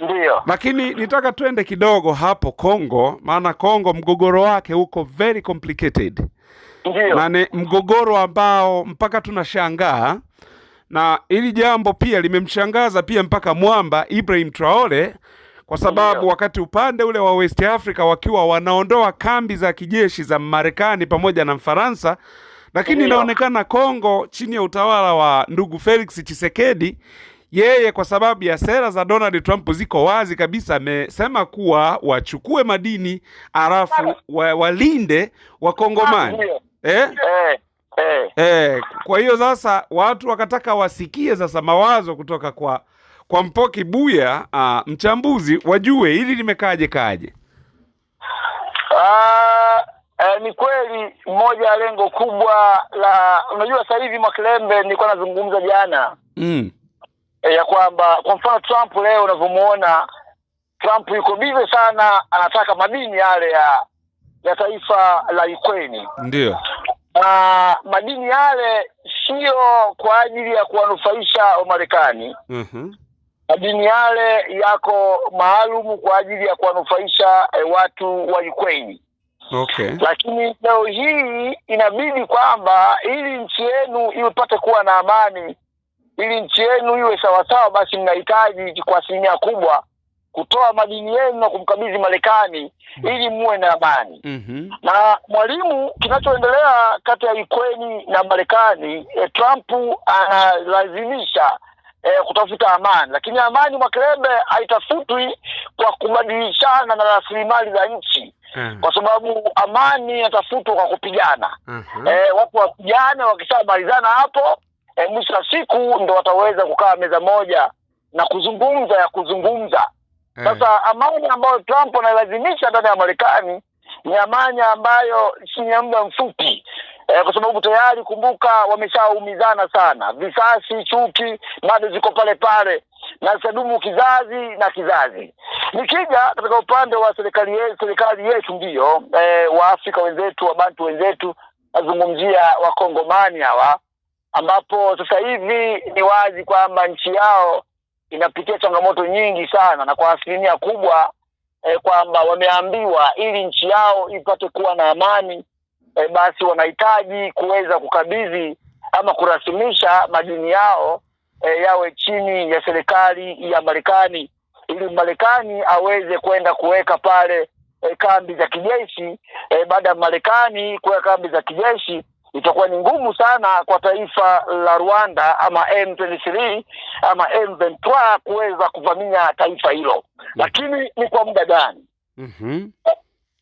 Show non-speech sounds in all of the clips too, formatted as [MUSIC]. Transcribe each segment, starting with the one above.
Ndiyo. Lakini nitaka twende kidogo hapo Kongo, maana Kongo mgogoro wake uko very complicated. Na ni mgogoro ambao mpaka tunashangaa na hili jambo pia limemshangaza pia mpaka mwamba Ibrahim Traore kwa sababu Ndiyo. Wakati upande ule wa West Africa wakiwa wanaondoa kambi za kijeshi za Marekani pamoja na Mfaransa, lakini inaonekana Kongo chini ya utawala wa ndugu Felix Chisekedi yeye kwa sababu ya sera za Donald Trump ziko wazi kabisa, amesema kuwa wachukue madini alafu wa, walinde Wakongomani eh? Eh, eh. Eh, kwa hiyo sasa watu wakataka wasikie sasa mawazo kutoka kwa kwa Mpoki Buya aa, ah, mchambuzi, wajue hili limekaaje kaje. Ah, eh, ni kweli moja ya lengo kubwa la, unajua sasa hivi Mwakilembe, nilikuwa nazungumza jana mm. Eh, ya kwamba kwa mfano Trump leo unavyomuona Trump yuko bize sana, anataka madini yale ya ya taifa la Ukraine. Ndio na madini yale sio kwa ajili ya kuwanufaisha Wamarekani. mm-hmm. Madini yale yako maalum kwa ajili ya kuwanufaisha eh, watu wa Ukraine. Okay. Lakini leo hii inabidi kwamba ili nchi yenu ipate kuwa na amani ili nchi yenu iwe sawasawa, basi mnahitaji kwa asilimia kubwa kutoa madini yenu na kumkabidhi Marekani mm. ili muwe na amani. mm -hmm. Na mwalimu, kinachoendelea kati ya Ukraine na Marekani e, Trump analazimisha e, kutafuta amani, lakini amani Mwakelebe haitafutwi kwa kubadilishana na rasilimali za nchi Hmm. Kwa sababu amani inatafutwa kwa kupigana. uh -huh. E, wapo wapigane, wakishamalizana hapo e, mwisho wa siku ndo wataweza kukaa meza moja na kuzungumza ya kuzungumza eh. sasa hey. Amani ambayo Trump analazimisha ndani ya Marekani ni amani ambayo chini ya muda mfupi eh, kwa sababu tayari kumbuka, wameshaumizana sana, visasi, chuki bado ziko pale pale na sadumu kizazi na kizazi. Nikija katika upande wa serikali yetu, serikali yetu ndiyo eh, Waafrika wenzetu, Wabantu wenzetu, nazungumzia Wakongomani hawa ambapo sasa hivi ni wazi kwamba nchi yao inapitia changamoto nyingi sana, na kwa asilimia kubwa eh, kwamba wameambiwa ili nchi yao ipate kuwa na amani eh, basi wanahitaji kuweza kukabidhi ama kurasimisha madini yao eh, yawe chini ya serikali ya Marekani ili Marekani aweze kwenda kuweka pale eh, kambi za kijeshi eh, baada ya Marekani kuweka kambi za kijeshi itakuwa ni ngumu sana kwa taifa la Rwanda ama M23 ama M23 kuweza kuvamia taifa hilo, mm. lakini ni kwa muda gani? mm -hmm.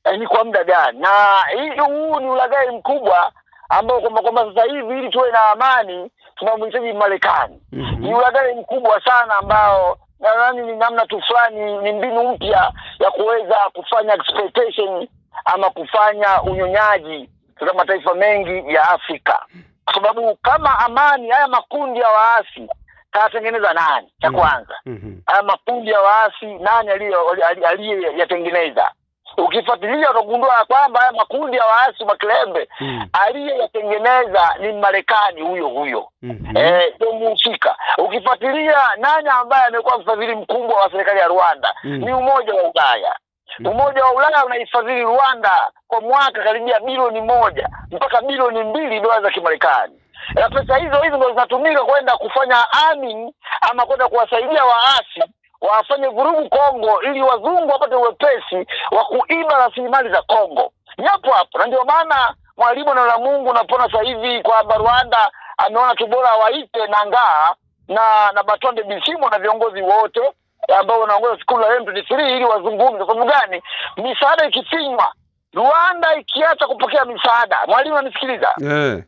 E, ni kwa muda gani? Na huu ni ulaghai mkubwa ambao kwamba kwamba sasa hivi ili tuwe na amani tunamhitaji Marekani. mm -hmm. Ni ulaghai mkubwa sana ambao nadhani ni namna tu fulani, ni mbinu mpya ya kuweza kufanya exploitation ama kufanya unyonyaji tuna mataifa mengi ya Afrika, kwa sababu kama amani, haya makundi ya waasi kayatengeneza nani? Cha mm-hmm. kwanza mm -hmm. haya makundi ya waasi nani aliyeyatengeneza? Ukifuatilia utagundua kwamba haya makundi ya waasi makilembe mm. aliyeyatengeneza ni Marekani huyo huyo mm -hmm. e, muhusika. Ukifuatilia nani ambaye amekuwa mfadhili mkubwa wa serikali ya Rwanda mm. ni Umoja wa Ulaya Mm. Umoja wa Ulaya unaifadhili Rwanda kwa mwaka karibia bilioni moja mpaka bilioni mbili dola za Kimarekani, na pesa hizo hizo ndo zinatumika kwenda kufanya amin ama kwenda kuwasaidia waasi wafanye vurugu Kongo ili wazungu wapate uwepesi wa kuiba rasilimali za Kongo. Yapo hapo, na ndio maana mwalimu na la Mungu napona sasa hivi kwamba Rwanda ameona tu bora waite Nangaa na na Batonde Bishimo na viongozi wote ambao wanaongoza sikulu la M23 ili wazungumze. Kwa sababu gani? Misaada ikifinywa, Rwanda ikiacha kupokea misaada, mwalimu anisikiliza, yeah.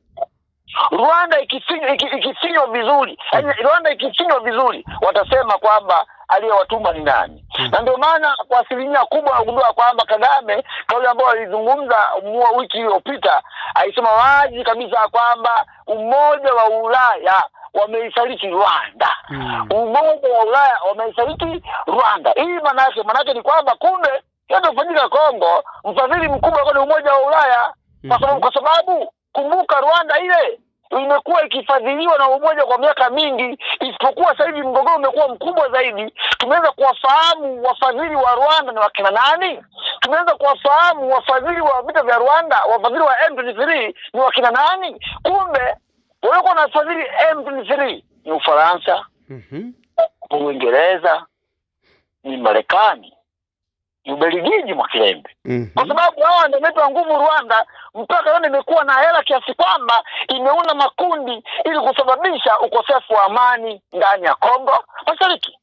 Rwanda ikifinywa iki, ikifinywa vizuri yeah. Yaani Rwanda ikifinywa vizuri watasema kwamba aliyewatuma ni nani? hmm. na ndio maana kwa asilimia kubwa wagundua kwamba Kagame kauli ambayo alizungumza mua wiki iliyopita alisema wazi kabisa kwamba umoja wa Ulaya wameisaliti Rwanda mm. Umoja wa Ulaya wameisaliti Rwanda. Hii manake manake ni kwamba kumbe kinachofanyika Kongo, mfadhili mkubwa ni Umoja wa Ulaya kwa sababu kwa sababu kumbuka, Rwanda ile imekuwa ikifadhiliwa na umoja kwa miaka mingi, isipokuwa sasa hivi mgogoro umekuwa mkubwa zaidi. Tumeweza kuwafahamu wafadhili wa Rwanda ni wakina nani, tumeweza kuwafahamu wafadhili wa vita vya Rwanda, wafadhili wa M23 ni wakina nani. Kumbe walikuwa wanafadhili M23 ni Ufaransa, mm -hmm. Uingereza, ni Marekani, ni Ubelgiji mwakilembe mm -hmm. kwa sababu hawa ndio wamepa nguvu Rwanda, mpaka leo imekuwa na hela kiasi kwamba imeunda makundi ili kusababisha ukosefu wa amani ndani ya Kongo Mashariki.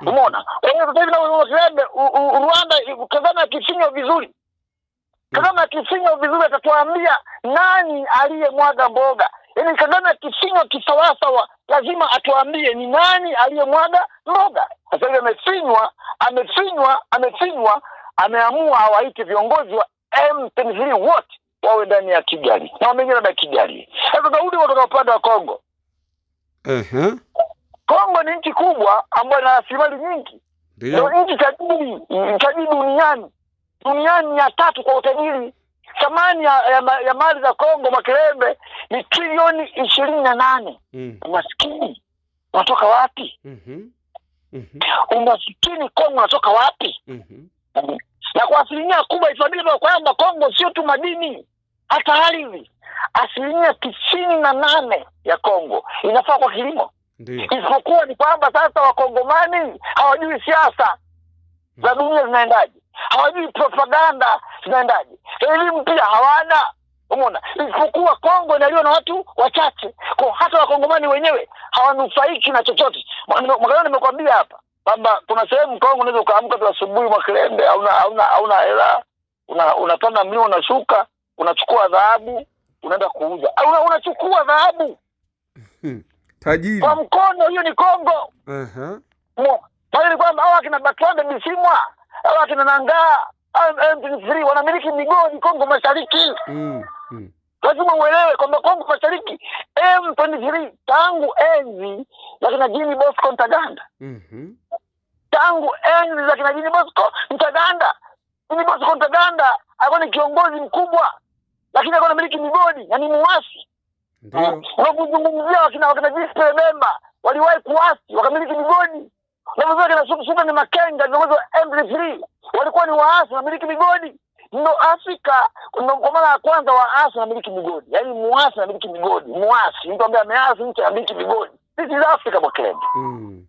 Mhm. Umeona? Kwa hiyo sasa hivi na kilembe Rwanda kazama akifinywa vizuri, mhm. kazama akifinywa vizuri, atatuambia nani aliyemwaga mboga yaani Kagame kifinywa kisawasawa, lazima atuambie ni nani aliyemwaga mboga. Sasa hivi amefinywa, amefinywa, amefinywa, ameamua awaite viongozi wa M23 wote wawe ndani ya Kigali na wameingia ndani ya Kigali. Sasa tarudi kutoka upande wa Kongo. Uh-huh. Kongo ni nchi kubwa ambayo ina rasilimali nyingi, ndio nchi tajiri tajiri duniani, duniani ya tatu kwa utajiri thamani ya, ya, ya mali za Kongo makerembe ni trilioni ishirini na nane. Mm. Umasikini unatoka wapi? mm -hmm. Mm -hmm. Kongo unatoka wapi? mm -hmm. Na kwa asilimia kubwa ifahamike kwamba Kongo sio tu madini, hata ardhi. Asilimia tisini na nane ya Kongo inafaa kwa kilimo, isipokuwa ni kwamba sasa wakongomani hawajui siasa za dunia zinaendaje hawajui propaganda zinaendaje, elimu pia hawana. Umeona, isipokuwa Kongo inaliwa na watu wachache, kwa hata wakongomani wenyewe hawanufaiki na chochote. Mwaka nimekwambia hapa kwamba kuna sehemu Kongo unaweza ukaamka tu asubuhi Mwakilembe, hauna hauna hauna hela, unapanda una mlima, unashuka, unachukua dhahabu, unaenda kuuza, unachukua una dhahabu hmm. tajiri kwa mkono. Hiyo ni Kongo. uh -huh. Kwamba hao akina Batwande Bisimwa hawa akina Nangaa M23 wanamiliki migodi Kongo Mashariki. mm. Mm. Lazima uelewe kwamba Kongo Mashariki M23 tangu enzi za kina Jini Bosco Ntaganda. mm -hmm. Tangu enzi za kina Jini Bosco Ntaganda. Jini Bosco Ntaganda alikuwa ni kiongozi mkubwa, lakini alikuwa anamiliki migodi na ni muasi. Ndio unapozungumzia wakina wakina Jisi Memba waliwahi kuasi wakamiliki migodi na zake na Supa ni Makenga, viongozi wa M23 walikuwa ni waasi na miliki migodi. Ndo Afrika ndo kwa mara ya kwanza waasi na miliki migodi, yaani muasi na miliki migodi, muasi mtu ambaye ameasi nchi anamiliki migodi. This is Africa Mwakenge. Mm.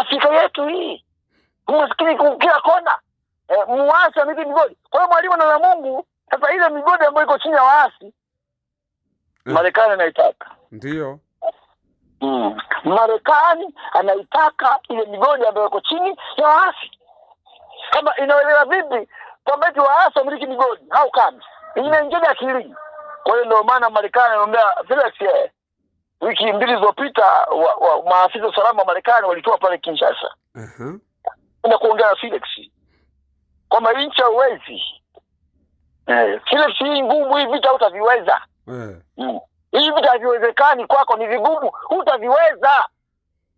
Afrika yetu hii umaskini kila kona, eh, muasi na miliki migodi. Kwa hiyo mwalimu na Mungu sasa ile migodi ambayo iko chini ya waasi mm. Marekani naitaka. ndio mm. Marekani anaitaka ile migodi ambayo iko chini ya waasi. Kama inaelewa vipi kwamba eti waasi wamiliki migodi au kama inaingia akilini? Kwa hiyo ndio maana Marekani anaongea Felix yeye wiki mbili zilizopita wa, wa, maafisa wa usalama wa Marekani walitoa pale Kinshasa uh-huh. na kuongea na Felix kwamba nchi hauwezi eh, Felix hii ngumu hii vita hutaviweza uh-huh. Eh. mm hivi haviwezekani kwako, ni vigumu, hutaviweza.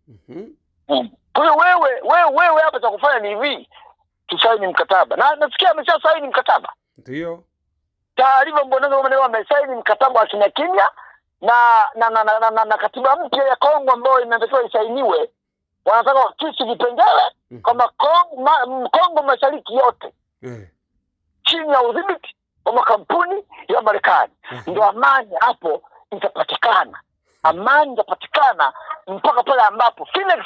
Mhm. mm -hmm. Kwa hiyo wewe wewe wewe hapa cha kufanya ni hivi, tusaini mkataba, na nasikia amesha saini mkataba, ndio taarifa mboneza amesaini mkataba wa kimya kimya na na na, na, na, na katiba mpya ya Kongo ambayo inatakiwa isainiwe. Wanataka wakisi vipengele mm. kwamba Kongo, ma, Kongo mashariki yote mm. chini ya udhibiti wa makampuni ya Marekani mhm. ndio ndo amani hapo itapatikana, amani itapatikana mpaka pale ambapo Felix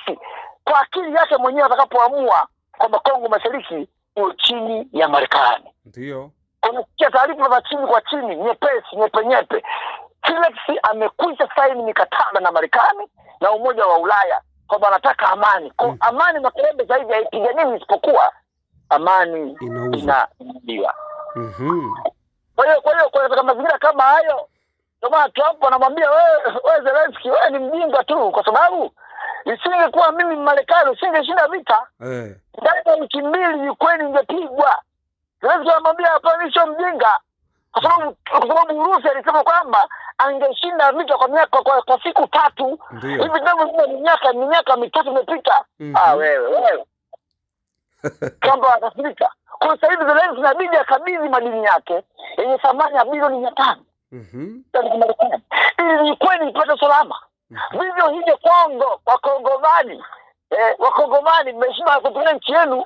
kwa akili yake mwenyewe atakapoamua kwamba Kongo Mashariki iwe chini ya Marekani. Ndio kunukia taarifa za chini kwa chini, nyepesi nyepe nyepe, Felix amekwisha saini mikataba na Marekani na Umoja wa Ulaya kwamba anataka amani kwa mm. amani Makelebe zaidi haipiganiwi isipokuwa amani inauliwa. Mhm. Kwa hiyo kwa hiyo katika mazingira kama hayo ndio maana Trump anamwambia wewe, wewe Zelensky, wewe ni mjinga tu, kwa sababu isingekuwa mimi Marekani usingeshinda vita eh. ndani ya wiki mbili Ukraine ingepigwa. Zelensky anamwambia hapa, mimi sio mjinga, kwa sababu kwa sababu Urusi alisema kwamba angeshinda vita kwa miaka kwa, kwa siku tatu hivi ndio miaka ni miaka mitatu imepita. mm -hmm. Ah, wewe wewe [LAUGHS] Trump atafika. kwa sababu hivi Zelensky inabidi akabidhi madini yake yenye thamani ya bilioni mia ili ukweli ipate salama Vivyo hivyo Kongo, Wakongomani eh, Wakongomani mmeshindwa kupigana nchi yenu,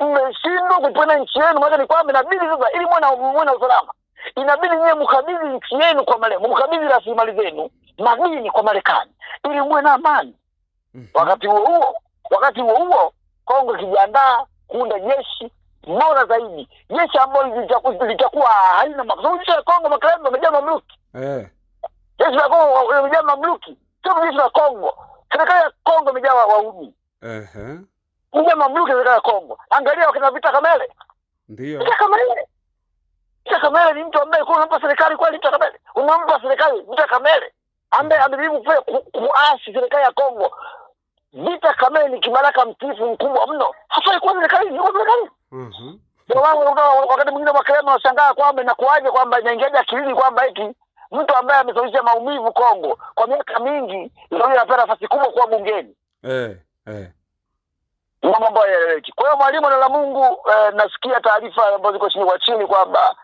mmeshindwa kupigana nchi yenu. Maana ni kwamba inabidi sasa, ili muwe na usalama, inabidi nyie mkabidhi nchi yenu kwa Marekani, mkabidhi rasilimali zenu, madini kwa Marekani ili muwe na amani mm-hmm. Wakati huo huo, wakati huo huo Kongo ikijiandaa kuunda jeshi bora zaidi, jeshi ambayo litakuwa haina jeshi la Kongo makaremba wamejaa mamluki eh. jeshi la Kongo wamejaa mamluki, sio jeshi la Kongo. Serikali ya Kongo imejaa wahuni eh, mja mamluki. Serikali ya Kongo, angalia wakina Vita Kamele, ndio Vita Kamele. Vita Kamele ni mtu ambaye kwa unampa serikali kweli? Vita Kamele unampa serikali Vita Kamele ambaye mm. amejaribu kuasi serikali ya Kongo. Vita Kamele ni kibaraka mtifu mkubwa mno, hafai kuwa serikali mm -hmm. wao wakati mwingine wakelema washangaa kwamba inakuwaje kwamba inaingiaje akilini kwamba eti mtu ambaye amesababisha maumivu Kongo kwa miaka mingi ndio anapewa nafasi kubwa kuwa bungeni eh, eh. Mambo hayaeleweki. Kwa hiyo mwalimu na la Mungu eh, nasikia taarifa ambazo ziko chini kwa chini kwamba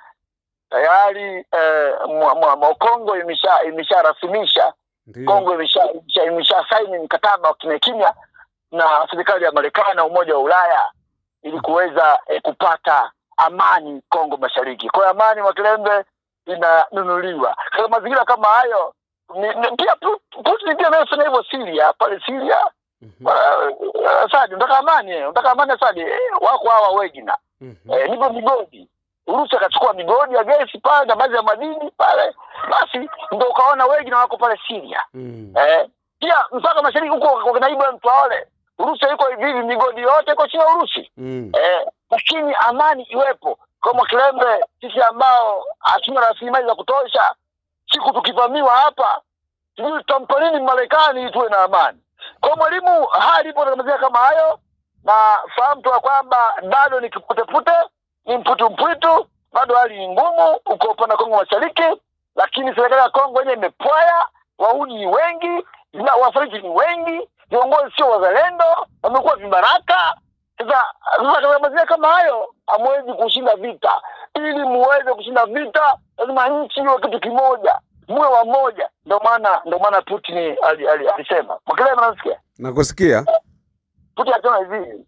tayari eh, Kongo imesha imesharasimisha Kongo imesha, imesha, imesha saini mkataba wa kimya kimya na serikali ya Marekani na Umoja wa Ulaya ili kuweza eh, kupata amani Kongo Mashariki. Kwa hiyo amani Mwakilembe inanunuliwa katika mazingira kama hayo. Pia Putin pia anayosema hivyo Syria, pale mhm. uh, uh, Syria Asadi unataka amani, unataka amani Asadi eh, wako hawa wegina mhm. eh, nipo migodi Urusi akachukua migodi ya gesi pale na baadhi ya madini pale, basi ndo ukaona wengi na wako pale Syria. Mm. Eh, pia mpaka mashariki huko kwa naibu ya Mtwale Urusi haiko hivi hivi, migodi yote iko chini ya Urusi mm. Eh, lakini amani iwepo. Kama Kilembe, sisi ambao hatuna rasilimali za kutosha, siku tukivamiwa hapa sijui tutampa nini Marekani ili tuwe na amani. Kwa mwalimu, hali ipo nazamazia kama hayo, na fahamu tu kwamba bado ni kiputepute, ni mputu mpwitu, bado hali ni ngumu uko upande wa Kongo Mashariki, lakini serikali ya Kongo yenyewe imepwaya, wauni ni wengi na wafariki ni wengi viongozi sio wazalendo, wamekuwa vibaraka. Sasa sasa mazingira kama hayo hamwezi kushinda vita. Ili muweze kushinda vita, lazima nchi iwe kitu kimoja, muwe wamoja. Ndio maana ndio maana Putin alisema Makelele, nasikia nakusikia. Putin alisema hivi,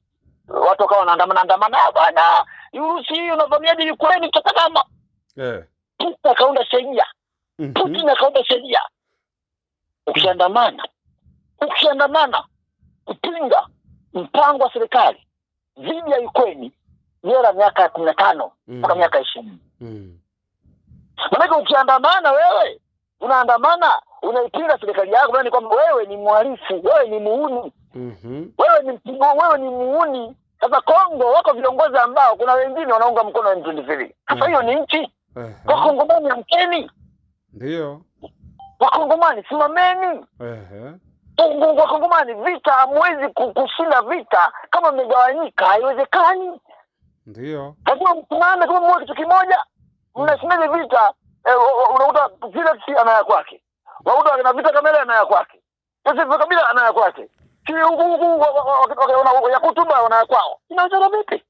watu wakawa wanaandamana andamana, ah, bwana Urusi hii unavamiaje Ukraine, tutakama eh. Putin akaunda sheria, mhm. Putin akaunda sheria, ukishaandamana ukiandamana kupinga mpango wa serikali dhidi ya Ukraine jela miaka kumi na tano mm. mpaka miaka ishirini mm. Manake ukiandamana wewe unaandamana unaipinga serikali yako, ni kwamba wewe ni mhalifu, wewe ni muuni mm -hmm. wewe ni mpigo, wewe ni muuni. Sasa Kongo wako viongozi ambao kuna wengine wanaunga mkono M23. Sasa hiyo ni nchi Wakongomani, amkeni, ndio Wakongomani, simameni. Wakongomani, vita hamwezi kushinda vita kama mmegawanyika, haiwezekani. Ndio lazima msimame kama mmoja, kitu kimoja. Mnashindaje vita? Unakuta kila anaya kwake, unakuta na vita Kamele anaya kwake, Joseph Kabila anaya kwake, huku Yakutumba wanaya kwao, inawezekana vipi?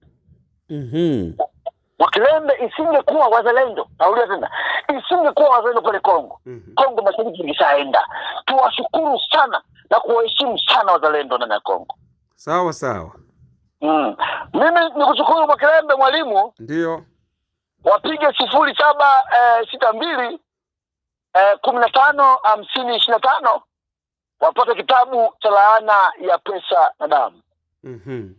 Mwakilembe isingekuwa wazalendo, naulia tena, isingekuwa wazalendo pale Kongo. mm -hmm. Kongo mashariki ilishaenda. Tuwashukuru sana na kuwaheshimu sana wazalendo ndani ya Kongo. Sawa sawa. Mm. Mimi kushukuru Mwakilembe mwalimu, ndio wapige sifuri saba eh, sita mbili eh, kumi na tano hamsini ishirini na tano wapate kitabu cha laana ya pesa na damu. mm -hmm.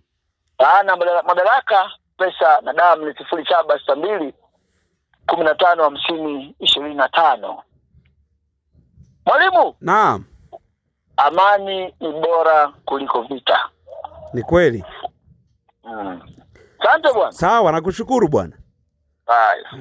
Laana madaraka pesa na damu ni sifuri saba sita mbili kumi na tano hamsini ishirini na tano. Mwalimu, naam, amani ni bora kuliko vita. Ni kweli. Mm. Asante mm. bwana. Sawa, nakushukuru bwana. Haya.